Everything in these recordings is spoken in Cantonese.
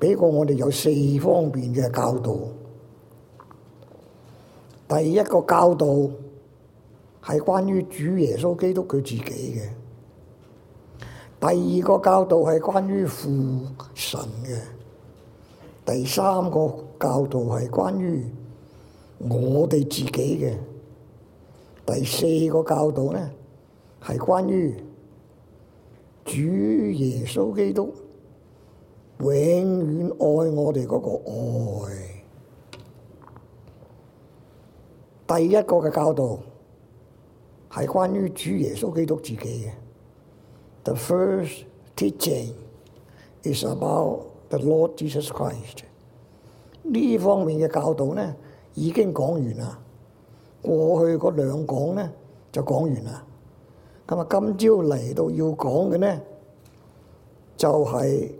俾過我哋有四方面嘅教導。第一個教導係關於主耶穌基督佢自己嘅；第二個教導係關於父神嘅；第三個教導係關於我哋自己嘅；第四個教導呢，係關於主耶穌基督。永遠愛我哋嗰個愛，第一個嘅教導係關於主耶穌基督自己嘅。The first teaching is about the Lord Jesus Christ。呢方面嘅教導呢已經講完啦，過去嗰兩講呢就講完啦。咁啊，今朝嚟到要講嘅呢就係。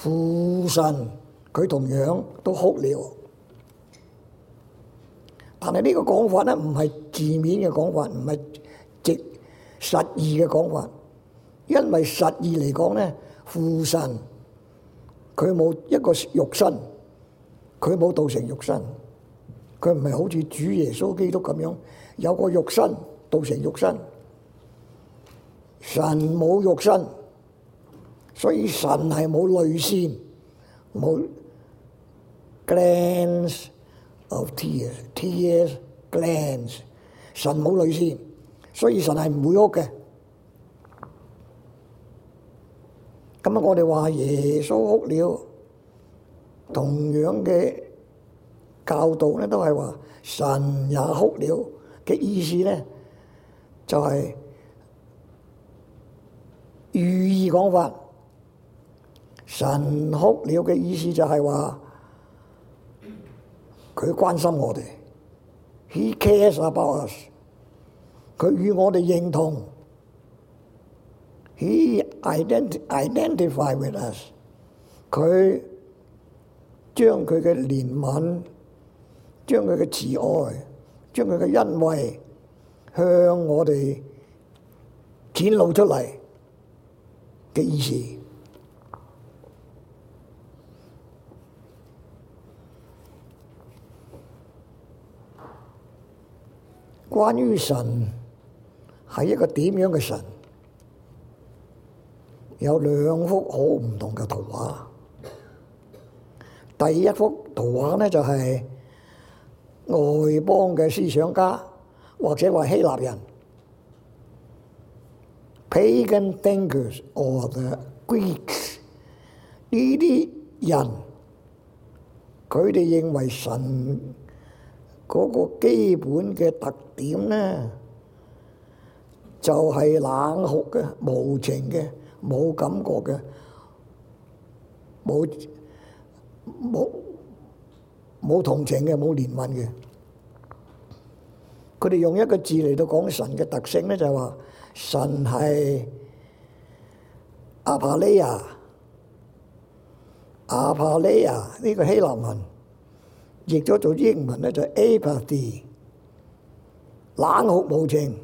父神佢同樣都哭了，但係呢個講法呢，唔係字面嘅講法，唔係直實意嘅講法，因為實意嚟講呢，父神佢冇一個肉身，佢冇道成肉身，佢唔係好似主耶穌基督咁樣有個肉身道成肉身，神冇肉身。所以神係冇淚腺，冇 glands of tears，tears glands。神冇淚腺，所以神係唔會哭嘅。咁啊，我哋話耶穌哭了，同樣嘅教導咧都係話神也哭了嘅意思咧，就係寓意講法。神哭了嘅意思就係話佢關心我哋，He cares about us。佢與我哋認同，He identify with us 祂祂。佢將佢嘅憐憫、將佢嘅慈愛、將佢嘅恩惠向我哋展露出嚟嘅意思。關於神係一個點樣嘅神？有兩幅好唔同嘅圖畫。第一幅圖畫呢，就係外邦嘅思想家，或者話希臘人 （Pagan thinkers or the Greeks） 呢啲人，佢哋認為神。嗰個基本嘅特點呢，就係冷酷嘅、無情嘅、冇感覺嘅、冇冇冇同情嘅、冇憐憫嘅。佢哋用一個字嚟到講神嘅特性呢，就係話神係阿帕利亞，阿帕利亞呢個希臘文。譯咗做英文呢，就 apathy，冷酷無情，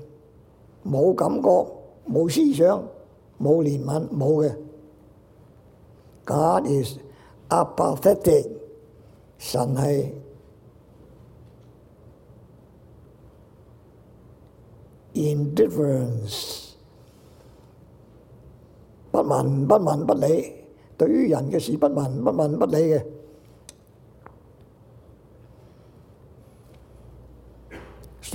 冇感覺，冇思想，冇憐憫，冇嘅。God is apathetic，神係 indifference，不聞不問不理，對於人嘅事不聞不問不理嘅。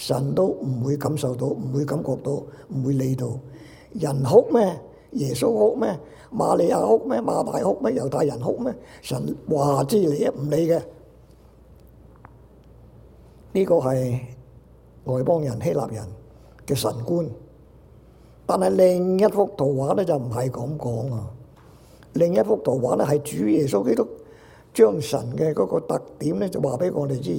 神都唔會感受到，唔會感覺到，唔會理到。人哭咩？耶穌哭咩？瑪利亞哭咩？馬大哭咩？猶太人哭咩？神話之理啊，唔理嘅。呢個係外邦人希臘人嘅神觀。但係另一幅圖畫咧就唔係咁講啊。另一幅圖畫咧係主耶穌基督將神嘅嗰個特點咧就話俾我哋知。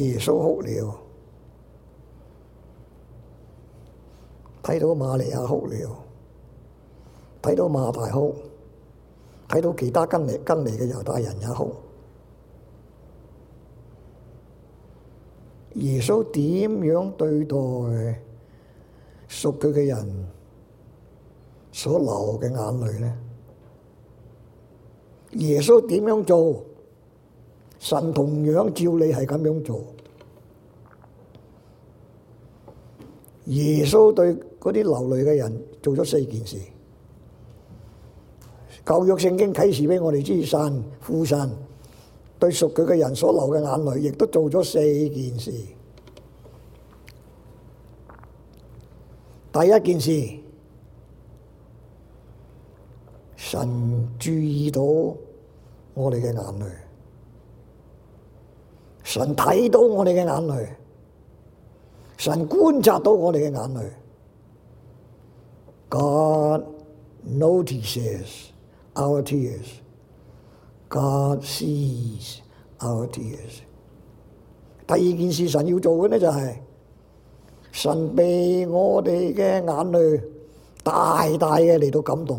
耶穌哭了，睇到瑪利亞哭了，睇到馬大哭，睇到其他跟嚟跟嚟嘅猶太人也哭。耶穌點樣對待屬佢嘅人所流嘅眼淚呢？耶穌點樣做？神同樣照你係咁樣做。耶穌對嗰啲流淚嘅人做咗四件事。舊約聖經啟示俾我哋知，神、父神對屬佢嘅人所流嘅眼淚，亦都做咗四件事。第一件事，神注意到我哋嘅眼淚。神睇到我哋嘅眼淚，神觀察到我哋嘅眼淚。God notices our tears. God sees our tears。第二件事神要做嘅呢就係，神被我哋嘅眼淚大大嘅嚟到感動。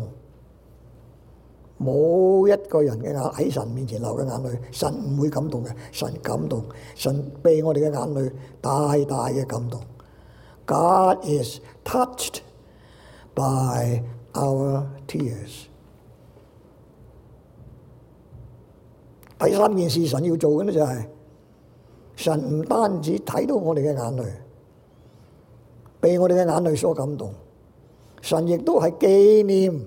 冇一個人嘅眼喺神面前流嘅眼淚，神唔會感動嘅。神感動，神被我哋嘅眼淚大大嘅感動。God is touched by our tears。第三件事神要做嘅呢就係，神唔單止睇到我哋嘅眼淚，被我哋嘅眼淚所感動，神亦都係紀念、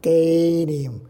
紀念。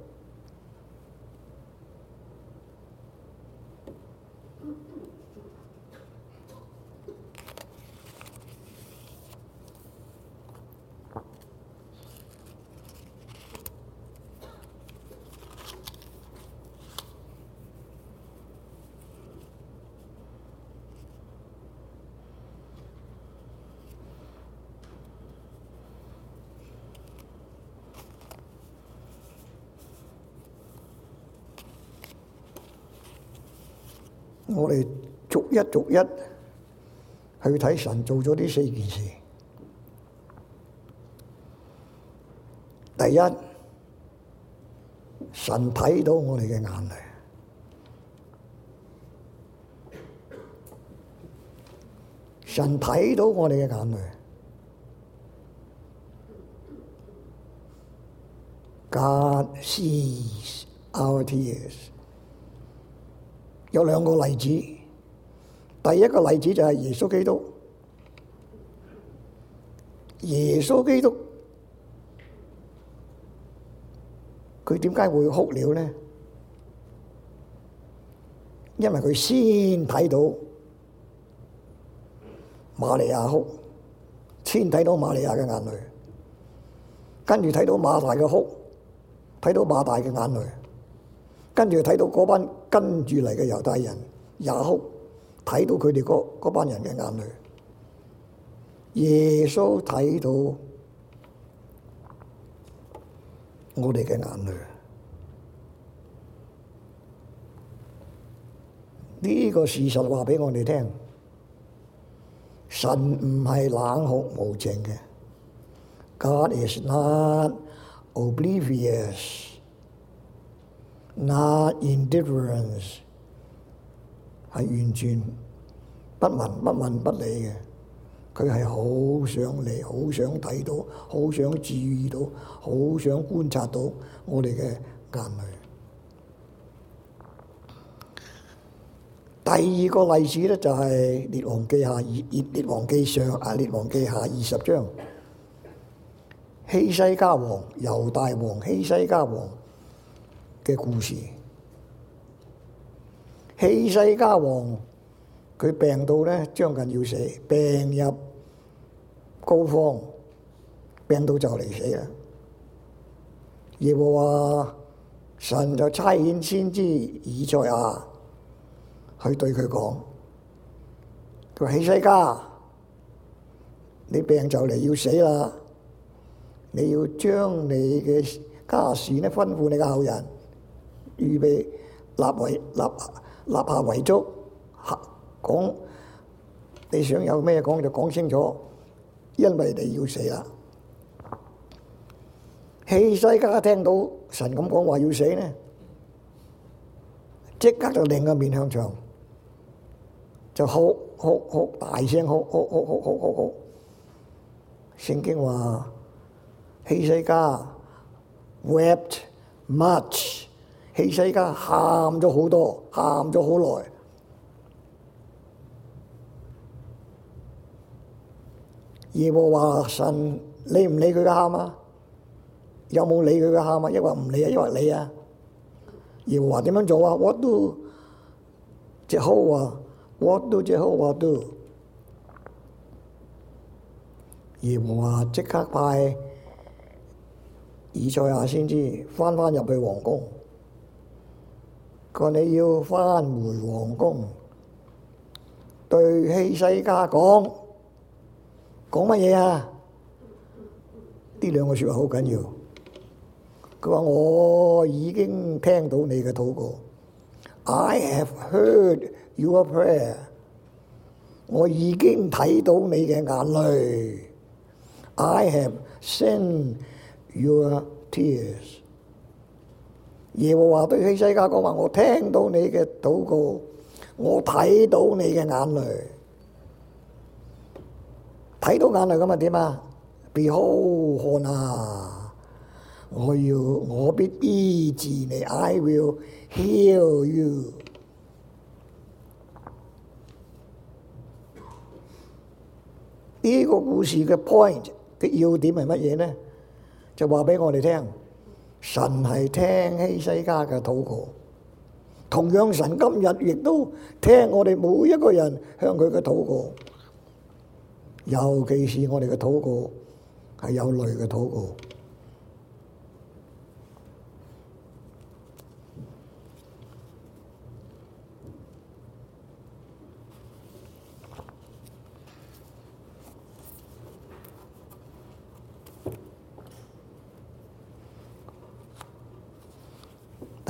我哋逐一逐一去睇神做咗呢四件事。第一，神睇到我哋嘅眼淚，神睇到我哋嘅眼淚。God sees our tears。有兩個例子，第一個例子就係耶穌基督，耶穌基督，佢點解會哭了呢？因為佢先睇到瑪利亞哭，先睇到瑪利亞嘅眼淚，跟住睇到馬大嘅哭，睇到馬大嘅眼淚，跟住睇到嗰班跟住嚟嘅猶太人也哭，睇到佢哋嗰班人嘅眼淚，耶穌睇到我哋嘅眼淚，呢個事實話俾我哋聽，神唔係冷酷無情嘅。God is not oblivious。那 indifference 係完全不聞不問不理嘅，佢係好想嚟，好想睇到，好想注意到，好想觀察到我哋嘅眼淚。第二個例子呢，就係《列王記下》《列列王記上》啊，《列王記下》二十章，希西家王，猶大王，希西家王。嘅故事，希西家王佢病到呢，將近要死，病入膏肓，病到就嚟死啦。耶和華神就差遣先知以賽亞、啊、去對佢講：佢話希西家，你病就嚟要死啦，你要將你嘅家事咧，吩咐你嘅後人。預備立遺立立下遺囑，講，你想有咩講就講清楚，因為你要死啦！希西家聽到神咁講話要死呢，即刻就擰個面向牆，就哭哭哭大聲，哭哭哭哭哭哭哭，聖經話希西家 wept much。希西家喊咗好多，喊咗好耐。耶和華神理唔理佢嘅喊啊？有冇理佢嘅喊啊？抑或唔理啊，抑或理啊。耶和華點樣做啊？What do? What do do? 我都藉口話，我都藉口話 do 耶和華即刻派以賽亞先知翻翻入去皇宮。佢話你要返回皇宮對希西家講，講乜嘢啊？呢兩個説話好緊要。佢話我已經聽到你嘅禱告，I have heard your prayer。我已經睇到你嘅眼淚，I have seen your tears。耶和華對希西家講話：我聽到你嘅禱告，我睇到你嘅眼淚，睇到眼淚咁啊？點啊？Behold，看吓啊！我要我必醫治你，I will heal you。呢個故事嘅 point 嘅要點係乜嘢呢？就話俾我哋聽。神係聽希西家嘅禱告，同樣神今日亦都聽我哋每一個人向佢嘅禱告，尤其是我哋嘅禱告係有淚嘅禱告。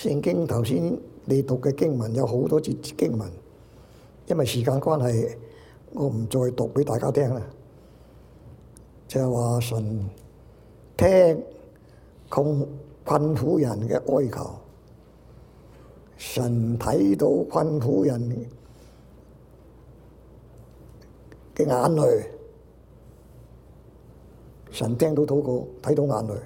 聖經頭先你讀嘅經文有好多節經文，因為時間關係，我唔再讀俾大家聽啦。就係話神聽困困苦人嘅哀求，神睇到困苦人嘅眼淚，神聽到禱告，睇到眼淚。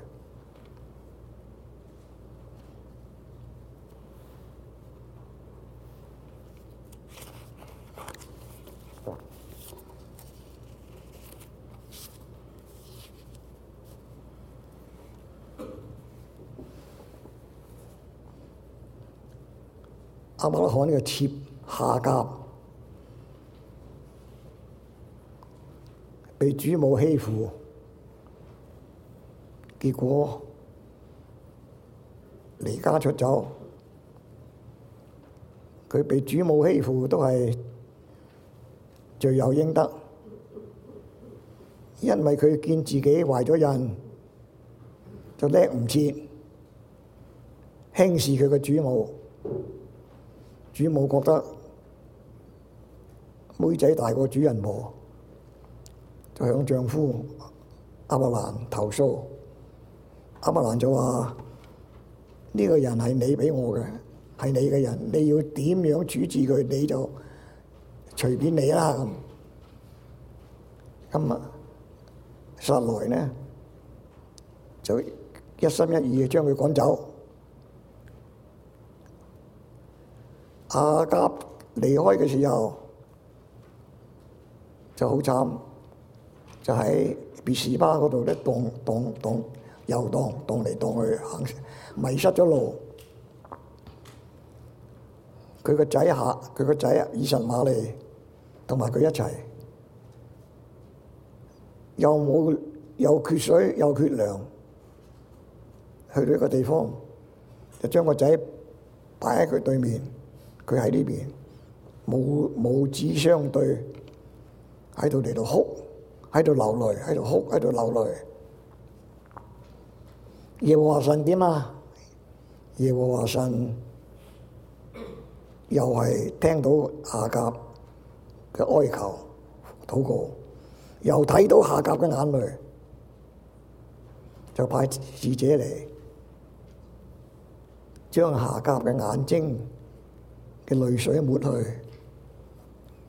亞伯拉罕呢個妾夏甲，被主母欺負，結果離家出走。佢被主母欺負都係罪有應得，因為佢見自己懷咗孕，就叻唔切，輕視佢個主母。主母覺得妹仔大過主人婆，就向丈夫阿伯蘭投訴。阿伯蘭就話：呢、這個人係你俾我嘅，係你嘅人，你要點樣處置佢，你就隨便你啦咁。咁啊，撒萊呢，就一心一意將佢趕走。阿甲離開嘅時候就好慘，就喺別是巴嗰度咧，蕩蕩蕩，又蕩蕩嚟蕩去，行，迷失咗路。佢個仔下，佢個仔啊，以實瑪利同埋佢一齊，又冇又缺水又缺糧，去到一個地方，就將個仔擺喺佢對面。佢喺呢邊，冇冇子相對，喺度嚟度哭，喺度流淚，喺度哭，喺度流淚。耶和華神點啊？耶和華神又係聽到夏甲嘅哀求禱告，又睇到夏甲嘅眼淚，就派使者嚟將夏甲嘅眼睛嘅淚水抹去，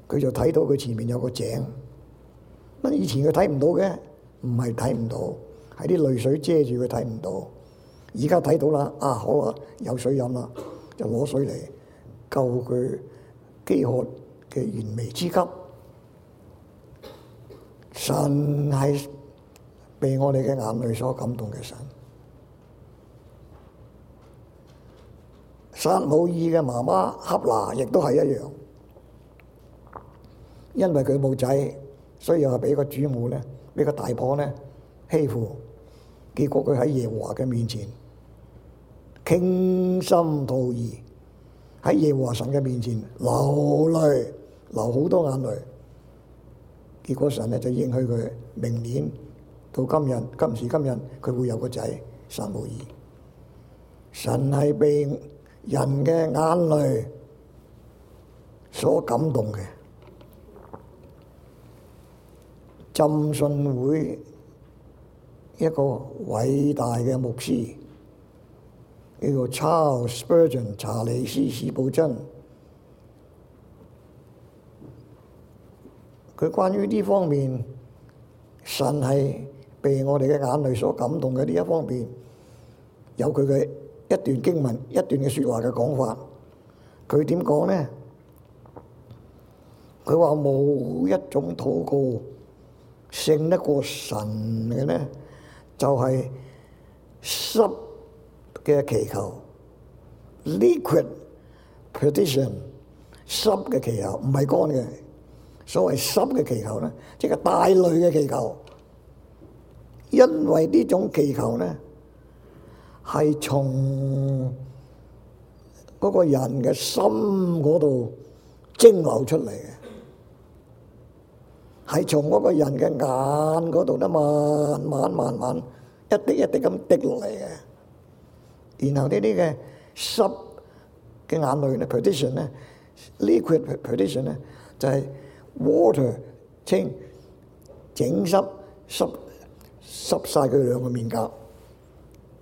佢就睇到佢前面有個井。乜以前佢睇唔到嘅？唔係睇唔到，係啲淚水遮住佢睇唔到。而家睇到啦，啊好啦，有水飲啦，就攞水嚟救佢飢渴嘅燃眉之急。神係被我哋嘅眼淚所感動嘅神。撒母耳嘅媽媽恰拿亦都係一樣，因為佢冇仔，所以又係俾個主母呢，俾個大婆呢，欺負，結果佢喺耶和華嘅面前傾心吐意，喺耶和神嘅面前流淚，流好多眼淚，結果神咧就應許佢明年到今日，今時今日佢會有個仔撒母耳。神係被人嘅眼淚所感動嘅。浸信會一個偉大嘅牧師叫做 Charles Spurgeon 查理斯司布真，佢關於呢方面，神係被我哋嘅眼淚所感動嘅呢一方面有佢嘅。一段經文，一段嘅說話嘅講法，佢點講咧？佢話冇一種禱告勝得過神嘅咧，就係濕嘅祈求，liquid petition，濕嘅祈求，唔係乾嘅。所謂濕嘅祈求咧，即係帶淚嘅祈求，因為呢種祈求咧。係從嗰個人嘅心嗰度蒸流出嚟嘅，係從嗰個人嘅眼嗰度咧，慢慢慢慢一滴一滴咁滴落嚟嘅。然後呢啲嘅濕嘅眼淚咧，petition 咧，liquid petition 咧，就係 water 清整濕濕濕曬佢兩個面頰。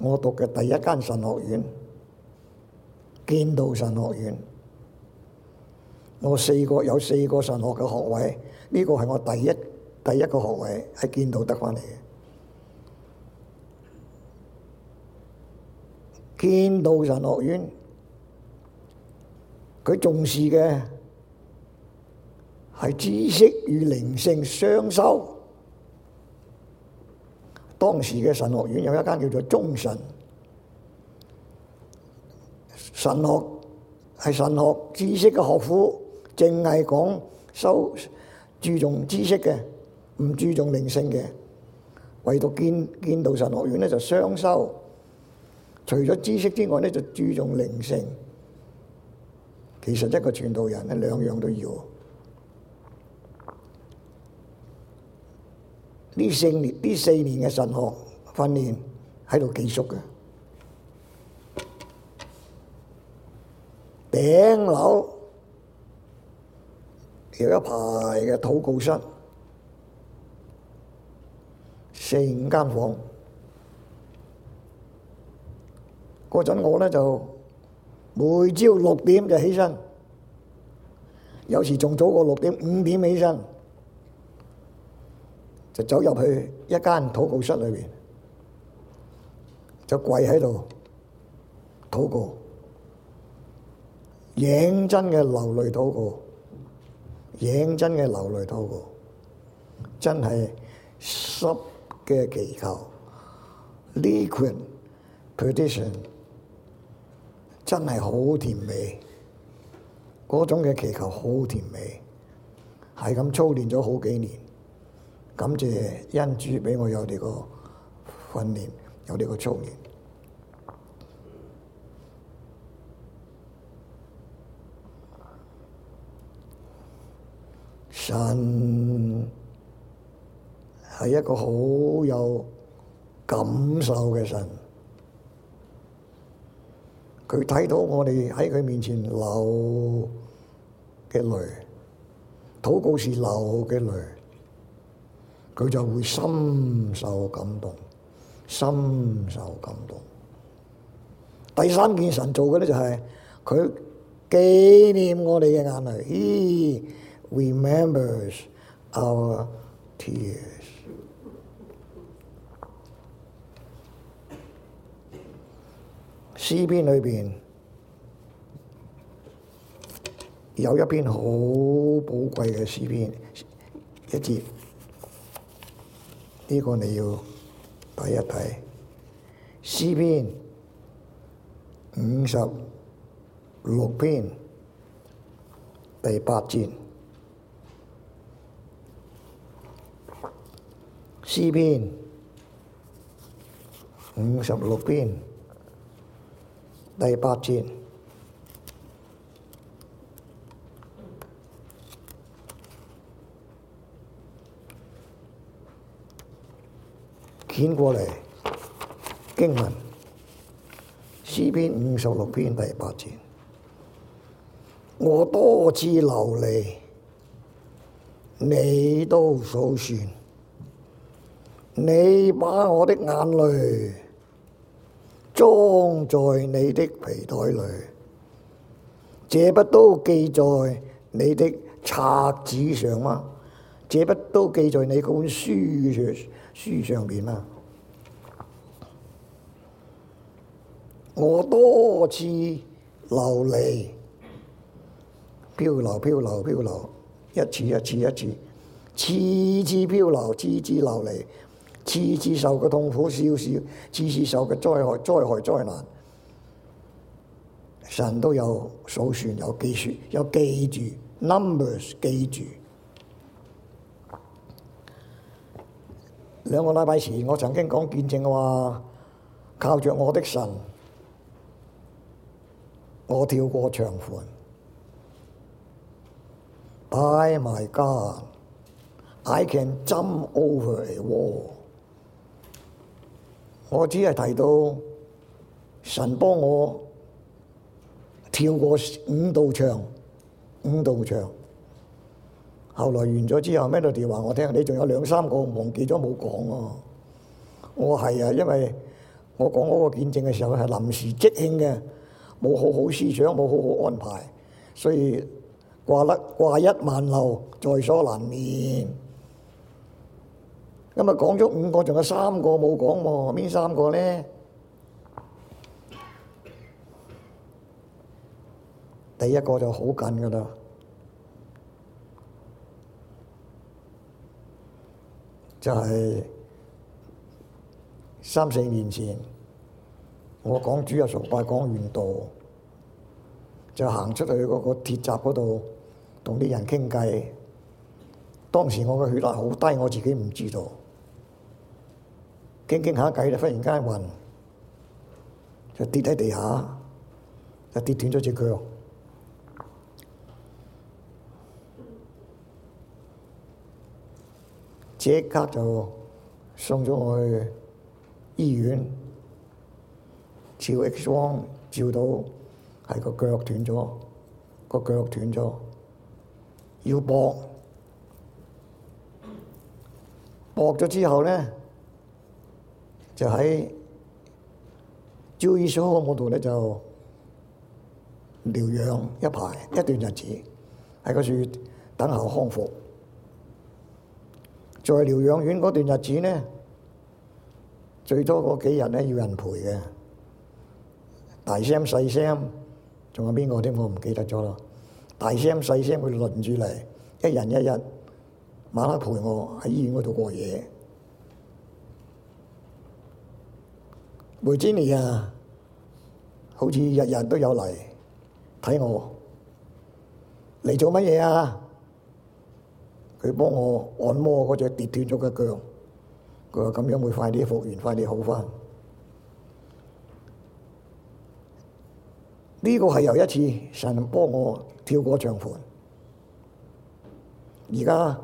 我讀嘅第一間神學院，建道神學院，我四個有四個神學嘅學位，呢、這個係我第一第一個學位喺建道得翻嚟嘅。建道神學院，佢重視嘅係知識與靈性雙修。當時嘅神學院有一間叫做中神神、神學，係神學知識嘅學府，淨係講修注重知識嘅，唔注重靈性嘅。唯獨見建道神學院呢，就雙修。除咗知識之外呢，就注重靈性。其實一個傳道人呢，兩樣都要。呢四年，呢四年嘅神學訓練，喺度寄宿嘅，頂樓有一排嘅禱告室，四五間房。嗰陣我呢就每朝六點就起身，有時仲早過六點五點起身。走入去一間禱告室裏邊，就跪喺度禱告，認真嘅流淚禱告，認真嘅流淚禱告，真係濕嘅祈求，liquid petition，真係好甜美，嗰種嘅祈求好甜美，係咁操練咗好幾年。感謝恩主俾我有呢個訓練，有呢個操練。神係一個好有感受嘅神，佢睇到我哋喺佢面前流嘅淚，禱告時流嘅淚。佢就會深受感動，深受感動。第三件神做嘅咧，就係佢紀念我哋嘅眼淚，He remembers our tears。詩 篇裏邊有一篇好寶貴嘅詩篇，一節。呢個你要睇一睇，《詩篇》五十六篇第八節，《詩篇》五十六篇第八節。篇過嚟，經文詩篇五十六篇第八節，我多次流離，你都數算，你把我的眼淚裝在你的皮袋裏，這不都記在你的冊子上嗎？這不都記在你本書上書上面嗎？我多次流離，漂流，漂流，漂流，一次一次，一次，次次漂流，次次流離，次次受嘅痛苦少少，次次受嘅災害，災害，災難。神都有數算，有記數，有記住 Numbers，記住。兩個禮拜前我曾經講見證嘅話，靠着我的神。我跳過長盤。By my God, I can jump over！我只係提到神幫我跳過五道牆，五道牆。後來完咗之後，Melody 話我聽？你仲有兩三個忘記咗冇講啊？我係啊，因為我講嗰個見證嘅時候係臨時即興嘅。冇好好思想，冇好好安排，所以掛甩掛一萬流，在所難免。今日講咗五個，仲有三個冇講喎，邊三個呢？第一個就好緊噶啦，就係、是、三四年前。我講主日崇拜，講完道，就行出去嗰個鐵閘嗰度，同啲人傾偈。當時我嘅血壓好低，我自己唔知道。傾傾下偈就忽然間暈，就跌喺地下，就跌斷咗隻腳。即刻就送咗我去醫院。照 X 光照到係個腳斷咗，個腳斷咗，要搏。搏咗之後咧，就喺醫所嗰度咧就療養一排，一段日子，喺個處等候康復。在療養院嗰段日子咧，最多嗰幾日咧要人陪嘅。大聲細聲，仲有邊個添？我唔記得咗啦。大聲細聲，佢輪住嚟，一人一日，晚黑陪我喺醫院嗰度過夜。梅芝尼啊，好似日日都有嚟睇我。嚟做乜嘢啊？佢幫我按摩嗰隻跌斷咗嘅腳。佢話咁樣會快啲復原，快啲好返。呢個係又一次神幫我跳過長盤。而家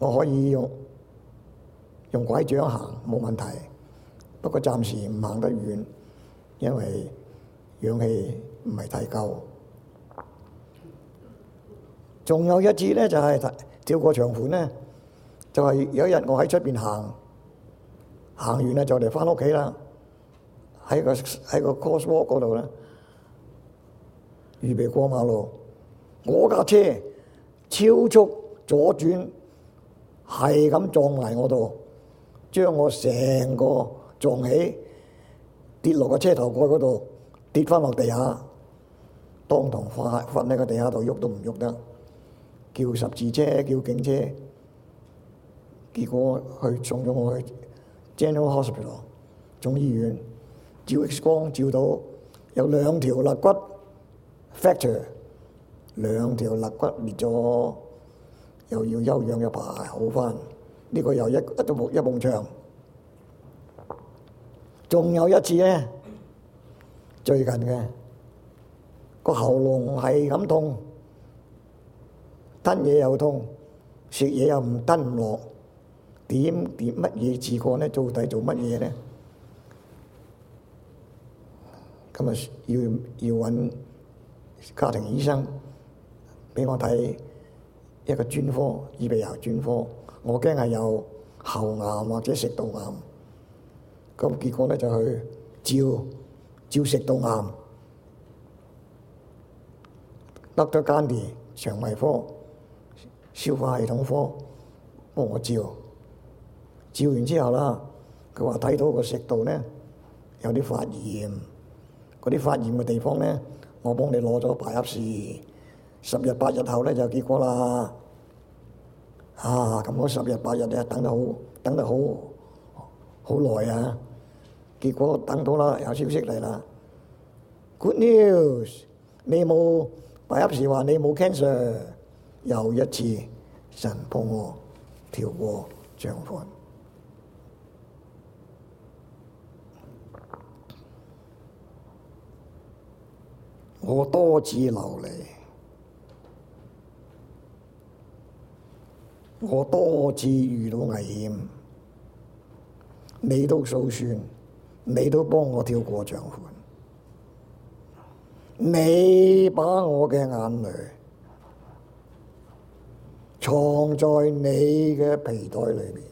我可以用用枴杖行，冇問題。不過暫時唔行得遠，因為氧氣唔係太夠。仲有一次呢，就係跳過長盤呢，就係有一日我喺出邊行，行完咧就嚟翻屋企啦。喺個喺個 crosswalk 嗰度咧，預備過馬路，我架車超速左轉，係咁撞埋我度，將我成個撞起，跌落個車頭蓋嗰度，跌翻落地下，當堂發瞓喺個地下度，喐都唔喐得。叫十字車，叫警車，結果佢送咗我去 General Hospital，總醫院照 X 光，照到有兩條肋骨，F actor, 兩條骨折，兩條肋骨裂咗，又要休養一排好翻。呢、這個又一一棟木一埲牆。仲有一次呢，最近嘅個喉嚨係咁痛，吞嘢又痛，食嘢又唔吞落，點點乜嘢治過呢？到底做乜嘢呢？今日要要搵？家庭醫生俾我睇一個專科，耳鼻喉專科。我驚係有喉癌或者食道癌，咁結果咧就去照照食道癌，得咗間地腸胃科、消化系統科幫我照。照完之後啦，佢話睇到個食道咧有啲發炎，嗰啲發炎嘅地方咧。我幫你攞咗 biopsy，十日八日後咧就結果啦。啊，咁我十日八日咧等得好，等得好，好耐啊。結果等到啦，有消息嚟啦。Good news，你冇 biopsy 話你冇 cancer，又一次神幫我跳過障礙。我多次流離，我多次遇到危險，你都數算，你都幫我跳過障礙，你把我嘅眼淚藏在你嘅皮袋裏面。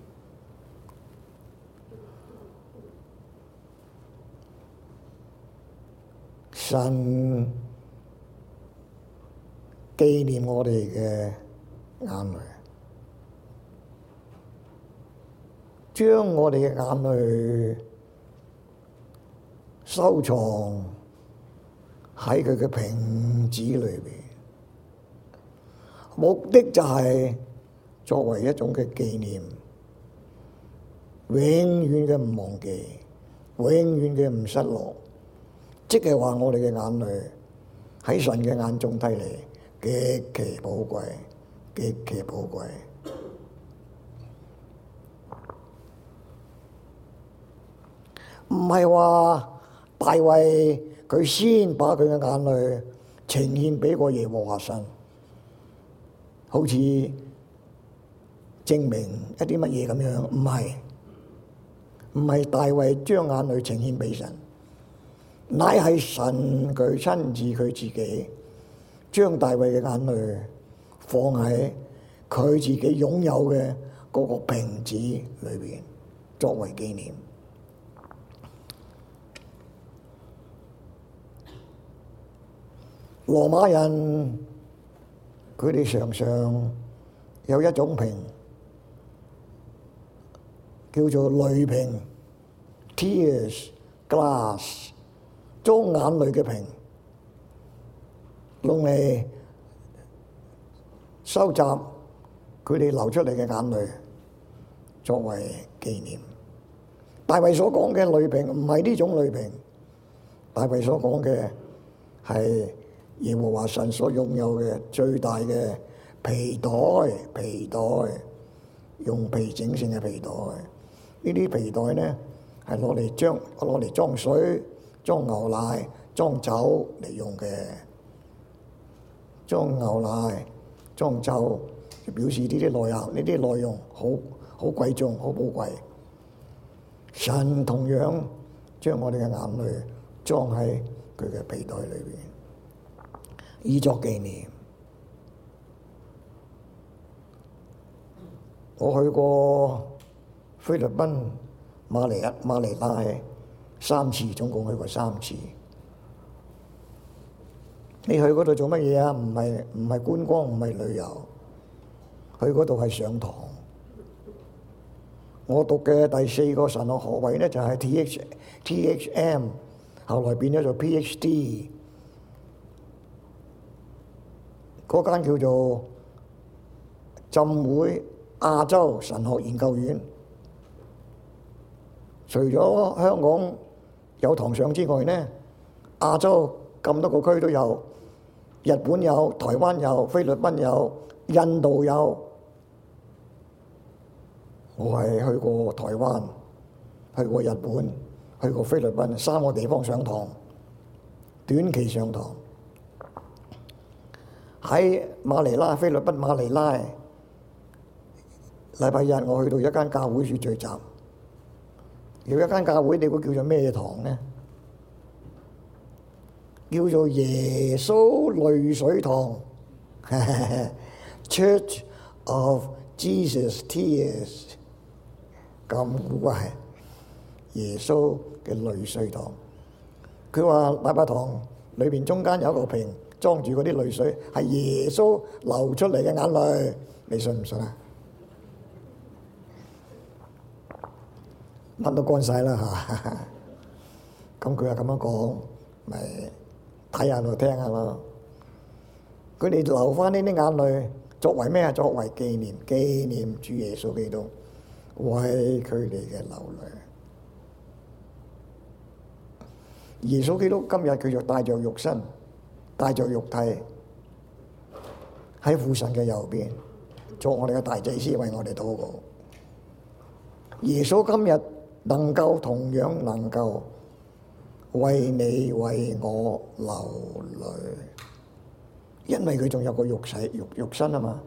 真紀念我哋嘅眼淚，將我哋嘅眼淚收藏喺佢嘅瓶子裏邊，目的就係作為一種嘅紀念，永遠嘅唔忘記，永遠嘅唔失落。即係話我哋嘅眼淚喺神嘅眼中睇嚟極其寶貴，極其寶貴。唔係話大衛佢先把佢嘅眼淚呈現俾個耶和華神，好似證明一啲乜嘢咁樣？唔係，唔係大衛將眼淚呈現俾神。乃係神佢親自佢自己將大衛嘅眼淚放喺佢自己擁有嘅嗰個瓶子裏邊，作為紀念。羅馬人佢哋常常有一種瓶叫做淚瓶 （tears glass）。裝眼淚嘅瓶，用嚟收集佢哋流出嚟嘅眼淚，作為紀念。大衛所講嘅淚瓶唔係呢種淚瓶，大衛所講嘅係耶和華神所擁有嘅最大嘅皮袋，皮袋用皮整成嘅皮袋。呢啲皮袋呢係攞嚟將，攞嚟裝水。裝牛奶，裝酒，嚟用嘅，裝牛奶，裝酒，表示呢啲內容，呢啲內容好好貴重、好寶貴。神同樣將我哋嘅眼淚裝喺佢嘅皮袋裏邊， 以作紀念。我去過菲律賓，馬尼馬尼拉。三次，總共去過三次。你去嗰度做乜嘢啊？唔係唔係觀光，唔係旅遊，去嗰度係上堂。我讀嘅第四個神學學位呢，就係 TH、THM，後來變咗做 PhD。嗰間叫做浸會亞洲神學研究院。除咗香港，有堂上之外呢，亞洲咁多個區都有，日本有，台灣有，菲律賓有，印度有。我係去過台灣，去過日本，去過菲律賓三個地方上堂，短期上堂。喺馬尼拉，菲律賓馬尼拉，禮拜日我去到一間教會處聚集。有一間教會，你估叫做咩堂呢？叫做耶穌淚水堂，Church of Jesus Tears，咁啩，耶穌嘅淚水堂。佢話：禮拜堂裏邊中間有一個瓶，裝住嗰啲淚水，係耶穌流出嚟嘅眼淚，你信唔信啊？噴到乾晒啦，係嘛？咁佢又咁樣講，咪睇下我聽下咯。佢哋留翻呢啲眼淚，作為咩啊？作為紀念，紀念主耶穌基督為佢哋嘅流淚。耶穌基督今日佢就帶着肉身，帶着肉體喺父神嘅右邊，做我哋嘅大祭司，為我哋禱告。耶穌今日。能夠同樣能夠為你為我流淚，因為佢仲有個肉體肉肉身啊嘛，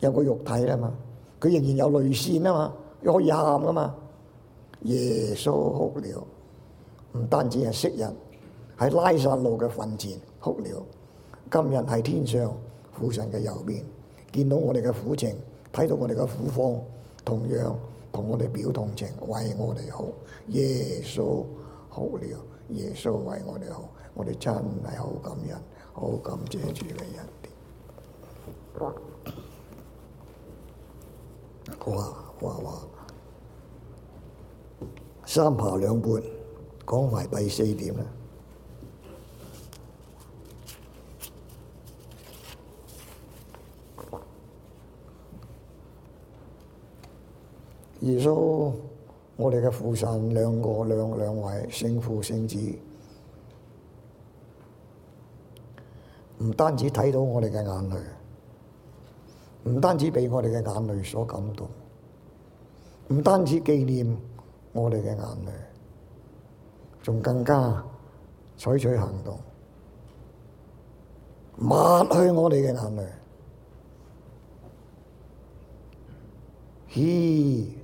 有個肉體啊嘛，佢仍然有淚腺啊嘛，佢可以喊噶嘛。耶穌哭了，唔單止係昔人喺拉撒路嘅墳前哭了，今日喺天上父神嘅右邊，見到我哋嘅苦情，睇到我哋嘅苦況，同樣。同我哋表同情，為我哋好，耶穌好了，耶穌為我哋好，我哋真係好感恩，好感謝主嘅人哋。好啊，嘩嘩，三下兩半，講埋第四點啦。耶穌，我哋嘅父神，兩個兩兩位，聖父聖子，唔單止睇到我哋嘅眼淚，唔單止俾我哋嘅眼淚所感動，唔單止紀念我哋嘅眼淚，仲更加採取行動，抹去我哋嘅眼淚。咦？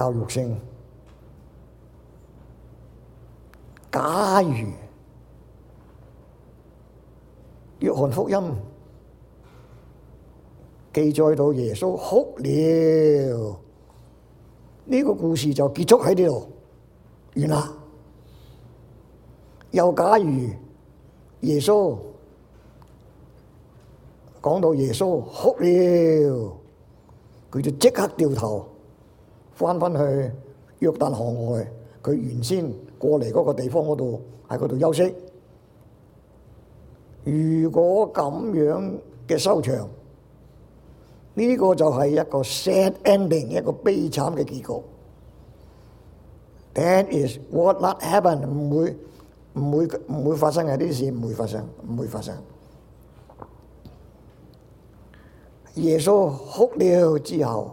教育性。假如約翰福音記載到耶穌哭了，呢個故事就結束喺呢度。完喇！又假如耶穌講到耶穌哭了，佢就即刻掉頭。翻翻去約但旦河外，佢原先過嚟嗰個地方嗰度喺嗰度休息。如果咁樣嘅收場，呢個就係一個 sad ending，一個悲慘嘅結局。That is what not happen，唔會唔會唔會發生嘅啲事唔會發生唔會發生。耶穌哭了之後。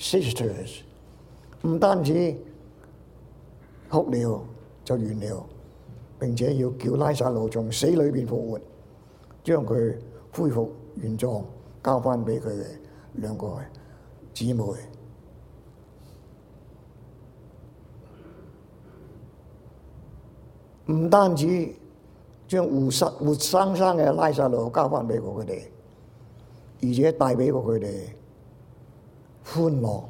Sisters，唔單止哭了就完了，並且要叫拉撒路從死裏邊復活，將佢恢復原狀，交翻俾佢哋兩個姊妹。唔單止將活生活生生嘅拉撒路交翻俾過佢哋，而且帶俾過佢哋。歡樂。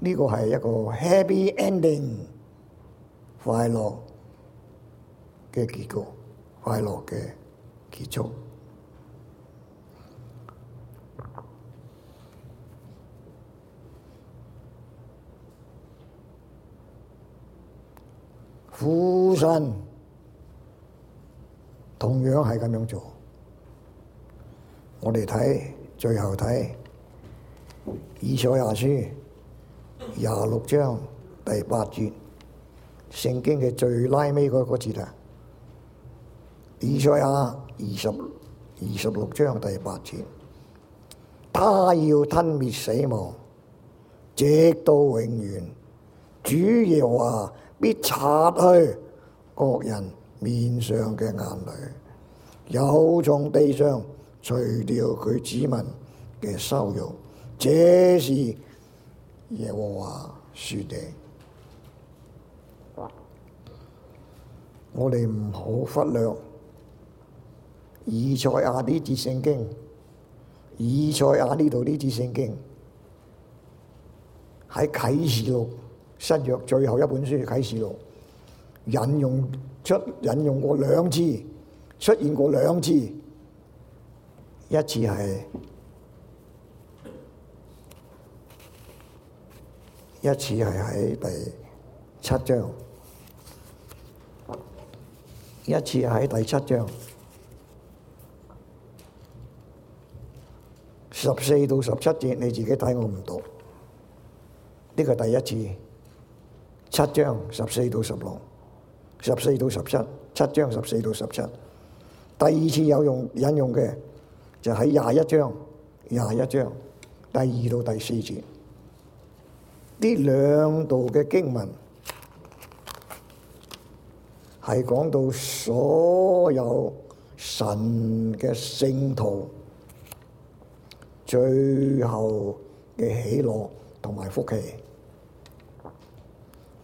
呢個係一個 happy ending，快樂嘅結局，快樂嘅結束。父神同樣係咁樣做。我哋睇，最後睇以賽亞書廿六章第八節，聖經嘅最拉尾嗰個字啊！以賽亞二十二十六章第八節，他要吞滅死亡，直到永遠。主耶和華必擦去各人面上嘅眼淚，又從地上，除掉佢子民嘅羞辱，這是耶和華說的。哇我哋唔好忽略以賽亞呢節聖經，以賽亞呢度呢節聖經喺啟示錄新約最後一本書啟示錄引用出引用過兩次，出現過兩次。一次係一次係喺第七章，一次係喺第七章十四到十七節，你自己睇我唔讀。呢、這個第一次七章十四到十六，十四到十七，七章十四到十七。第二次有用引用嘅，就喺廿一章廿一章第二到第四節，呢兩度嘅經文係講到所有神嘅聖徒最後嘅喜樂同埋福氣。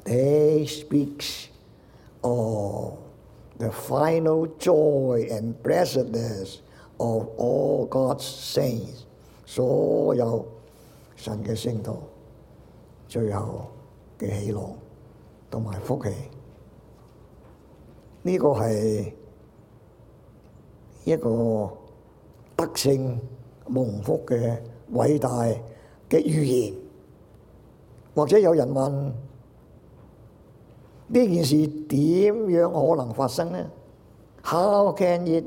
They speaks of the final joy and blessedness. 哦！all God's saints，所有神嘅聖徒，最後嘅喜樂同埋福氣，呢個係一個得勝蒙福嘅偉大嘅預言。或者有人問：呢件事點樣可能發生呢？How can it？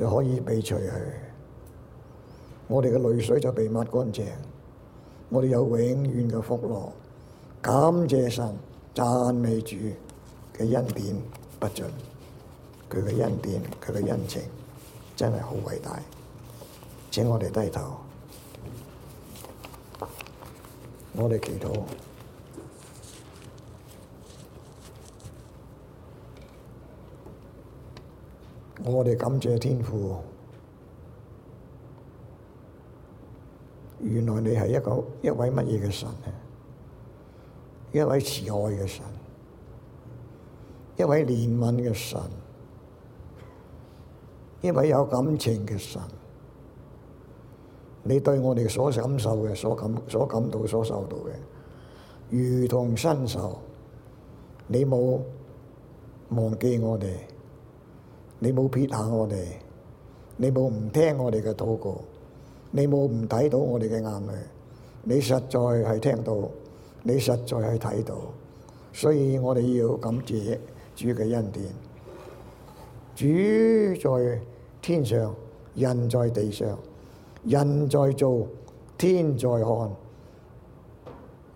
就可以被除去，我哋嘅淚水就被抹乾淨。我哋有永遠嘅福樂，感謝神，讚美主嘅恩典不盡，佢嘅恩典，佢嘅恩情真係好偉大，請我哋低頭，我哋祈禱。我哋感謝天父，原來你係一個一位乜嘢嘅神啊？一位慈愛嘅神，一位憐憫嘅神，一位有感情嘅神。你對我哋所感受嘅、所感、所感到、所受到嘅，如同身受。你冇忘記我哋。你冇撇下我哋，你冇唔聽我哋嘅禱告，你冇唔睇到我哋嘅眼淚，你實在係聽到，你實在係睇到，所以我哋要感謝主嘅恩典。主在天上，人在地上，人在做，天在看，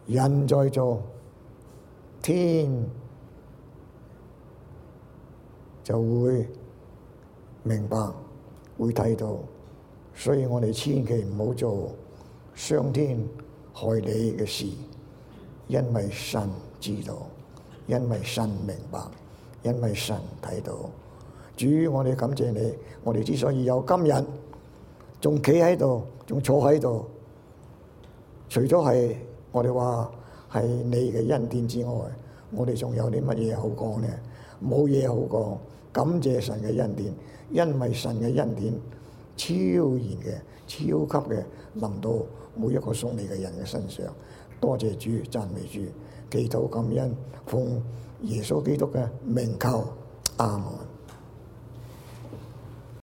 人在做，天就會明白，會睇到，所以我哋千祈唔好做傷天害理嘅事，因為神知道，因為神明白，因為神睇到。主，我哋感謝你，我哋之所以有今日，仲企喺度，仲坐喺度，除咗係我哋話係你嘅恩典之外，我哋仲有啲乜嘢好講呢？冇嘢好講，感謝神嘅恩典。因為神嘅恩典超然嘅、超級嘅，臨到每一個信你嘅人嘅身上。多謝主，讚美主，祈禱感恩，奉耶穌基督嘅名求，阿門。